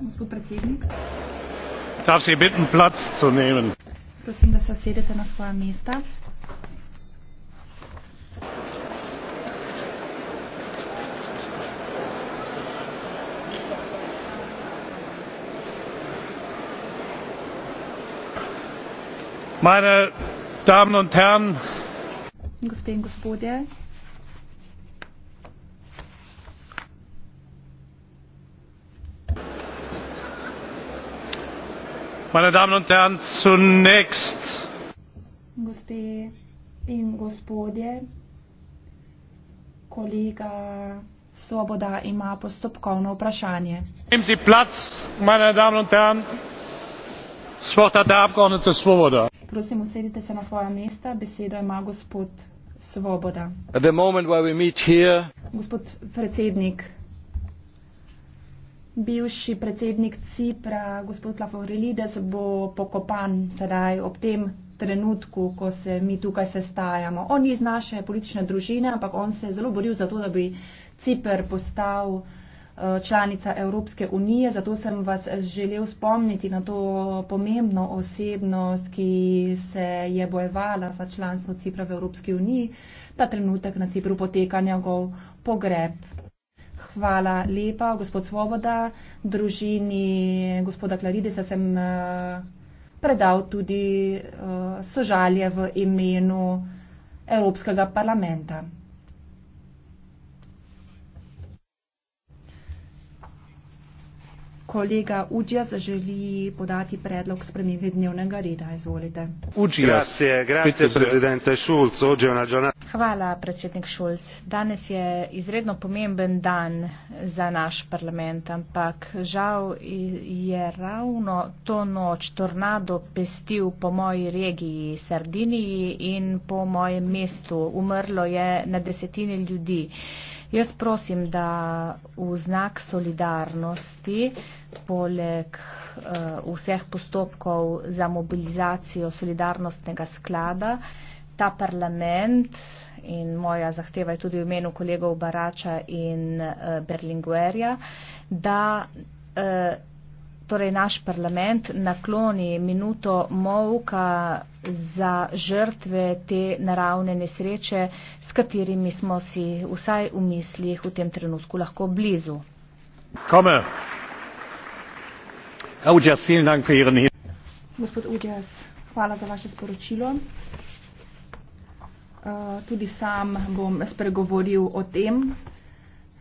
gospod predsednik darf sie bitten platz zu nehmen prosim da se usedete na svoja mesta meine damen und herren gospe in gospodje meine Damen und Herren, zunächst. Gospe in gospodje, kolega Svoboda ima postopkovno vprašanje. Nehmen Sie Platz, meine Damen und Herren. Das Wort hat der Abgeordnete Svoboda. Prosim, usedite se na svoja mesta. Besedo ima gospod Svoboda. At the moment where we meet here, gospod predsednik, bivši predsednik Cipra, gospod Klaforelides, bo pokopan sedaj ob tem trenutku, ko se mi tukaj sestajamo. On ni iz naše politične družine, ampak on se je zelo boril za to, da bi Cipr postal eh, članica Evropske unije, zato sem vas želel spomniti na to pomembno osebnost, ki se je bojevala za članstvo Cipra v Evropski uniji. Ta trenutek na Cipru poteka njegov pogreb hvala lepa, gospod Svoboda, družini gospoda Klaridisa sem eh, predal tudi eh, sožalje v imenu Evropskega parlamenta. Kolega Uđijas želi podati predlog spremembe dnevnega reda. Izvolite. Uđijas. Hvala, predsednik Šulc. Danes je izredno pomemben dan za naš parlament, ampak žal je ravno to noč tornado pestil po moji regiji Sardiniji in po mojem mestu. Umrlo je na desetine ljudi. Jaz prosim, da v znak solidarnosti, poleg uh, vseh postopkov za mobilizacijo solidarnostnega sklada, ta parlament uh, in moja zahteva je tudi v imenu kolegov Barača in eh, Berlinguerja, da eh, torej naš parlament nakloni minuto molka za žrtve te naravne nesreče, s katerimi smo si vsaj v mislih v tem trenutku lahko blizu. Komme. Ugyas, vielen Dank für Ihren Hinweis. Gospod Ugyas, hvala za vaše sporočilo. Eh, tudi sam bom spregovoril o tem.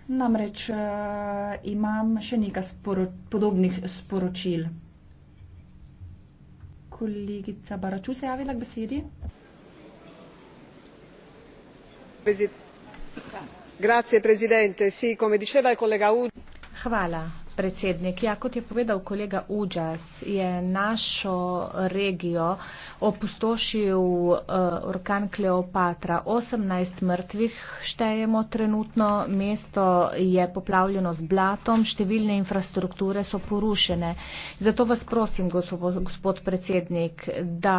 Namreč uh, imam še nekaj sporo podobnih sporočil. Kolegica Baraču se javila k besedi. Grazie, presidente. Sì, come diceva il collega Ud. Hvala, predsednik. Ja, kot je povedal kolega Uđas, je našo regijo opustošil uh, orkan Kleopatra. 18 mrtvih štejemo trenutno, mesto je poplavljeno z blatom, številne infrastrukture so porušene. Zato vas prosim, gospod predsednik, da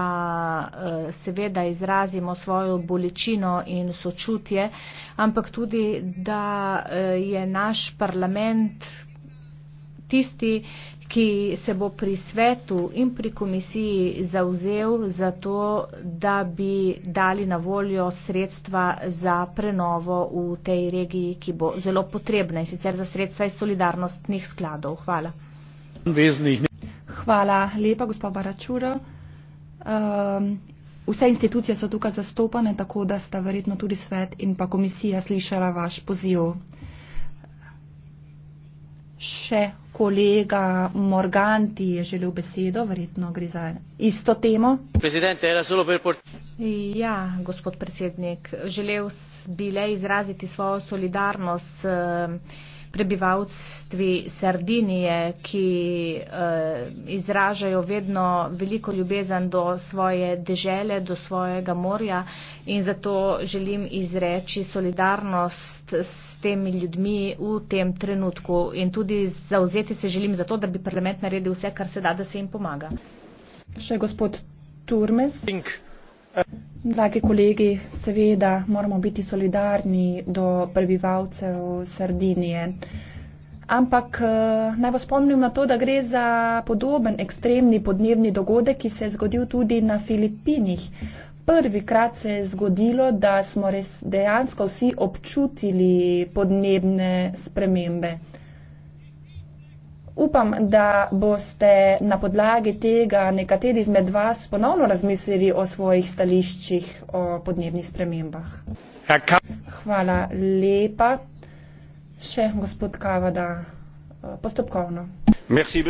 uh, seveda izrazimo svojo bolečino in sočutje, ampak tudi, da uh, je naš parlament tisti, ki se bo pri svetu in pri komisiji zauzel za to, da bi dali na voljo sredstva za prenovo v tej regiji, ki bo zelo potrebna in sicer za sredstva iz solidarnostnih skladov. Hvala. Hvala lepa, gospod Baračuro. Um, vse institucije so tukaj zastopane, tako da sta verjetno tudi svet in pa komisija slišala vaš poziv še kolega Morganti je želel besedo, verjetno gre za isto temo. Ja, gospod predsednik, želel bi le izraziti svojo solidarnost. Uh, prebivalstvi Sardinije, ki eh, izražajo vedno veliko ljubezen do svoje dežele, do svojega morja in zato želim izreči solidarnost s temi ljudmi v tem trenutku in tudi zauzeti se želim za to, da bi parlament naredil vse, kar se da, da se jim pomaga. Še gospod Turmes. Dragi kolegi, seveda moramo biti solidarni do prebivalcev Sardinije. Ampak eh, naj vas spomnim na to, da gre za podoben ekstremni podnebni dogodek, ki se je zgodil tudi na Filipinih. Prvi krat se je zgodilo, da smo res dejansko vsi občutili podnebne spremembe. Upam, da boste na podlagi tega nekateri izmed vas ponovno razmislili o svojih stališčih o podnebnih spremembah. Ja, Hvala lepa. Še gospod Kavada, eh, postopkovno. Merci,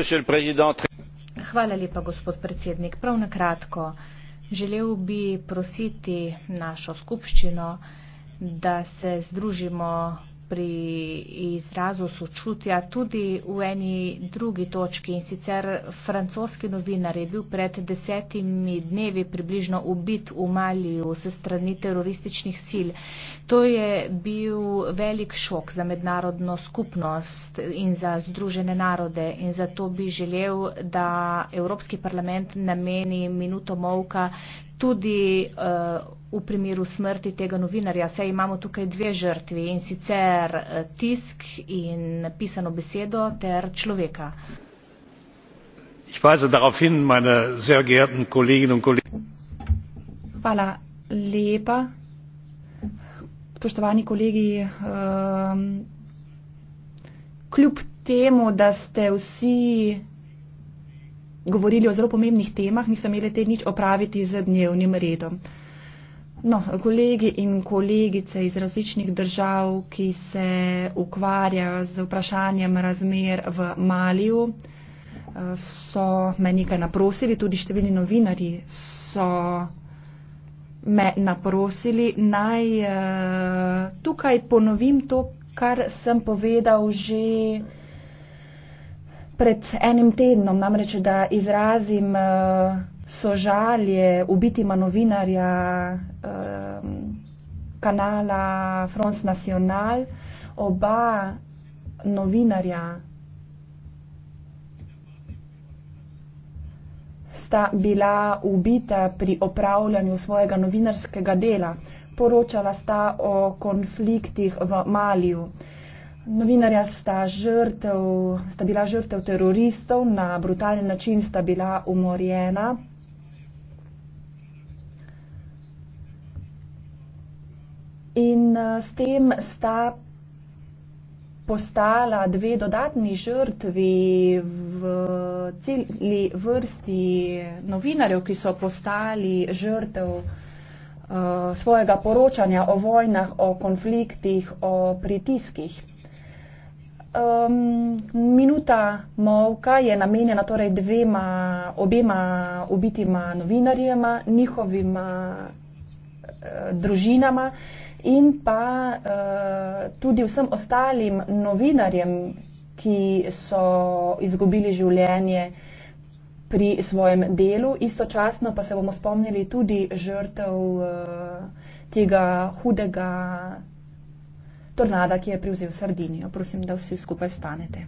Hvala lepa, gospod predsednik. Prav na kratko. Želel bi prositi našo skupščino, da se združimo pri izrazu sočutja tudi v eni drugi točki in sicer francoski novinar je bil pred desetimi dnevi približno ubit v Maliju se strani terorističnih sil. To je bil velik šok za mednarodno skupnost in za združene narode in zato bi želel, da Evropski parlament nameni minuto molka tudi uh, v primeru smrti tega novinarja, saj imamo tukaj dve žrtvi in sicer eh, tisk in pisano besedo ter človeka. Hvala lepa, spoštovani kolegi. Um, kljub temu, da ste vsi govorili o zelo pomembnih temah, niso imeli te nič opraviti z dnevnim redom. No, kolegi in kolegice iz različnih držav, ki se ukvarjajo z vprašanjem razmer v Maliju, so me nekaj naprosili, tudi številni novinari so me naprosili. Naj eh, tukaj ponovim to, kar sem povedal že pred enim tednom, namreč da izrazim uh, sožalje ubitima novinarja uh, kanala Front National, oba novinarja. sta bila ubita pri opravljanju svojega novinarskega dela. Poročala sta o konfliktih v Maliju. Novinarja sta, žrtev, sta bila žrtev teroristov, na brutalen način sta bila umorjena. In eh, s tem sta postala dve dodatni žrtvi v celi vrsti novinarjev, ki so postali žrtev eh, svojega poročanja o vojnah, o konfliktih, o pritiskih um, minuta molka je namenjena torej dvema, obema ubitima novinarjema, njihovima uh, družinama in pa uh, tudi vsem ostalim novinarjem, ki so izgubili življenje pri svojem delu. Istočasno pa se bomo spomnili tudi žrtev uh, tega hudega tornada, ki je prevzel Sardinijo. Prosim, da vsi skupaj stanete.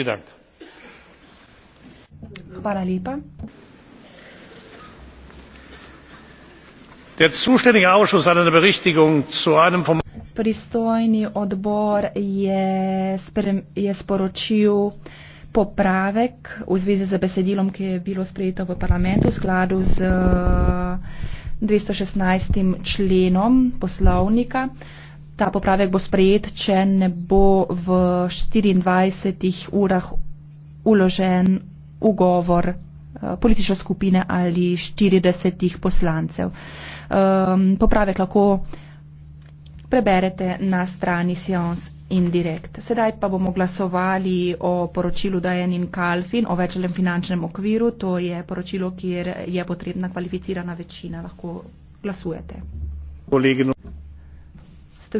edak. Hvala lepa. Der zuständige Ausschuss hat eine Berichtigung zu einem vom Pristojni odbor je, je sporočil popravek v zvezi z besedilom, ki je bilo sprejeto v parlamentu v skladu z 216. členom poslovnika ta popravek bo sprejet, če ne bo v 24 urah uložen ugovor eh, politične skupine ali 40 poslancev. Um, popravek lahko preberete na strani Sions in Direct. Sedaj pa bomo glasovali o poročilu Dajen in Kalfin, o večjem finančnem okviru. To je poročilo, kjer je potrebna kvalificirana večina. Lahko glasujete. Kolegno.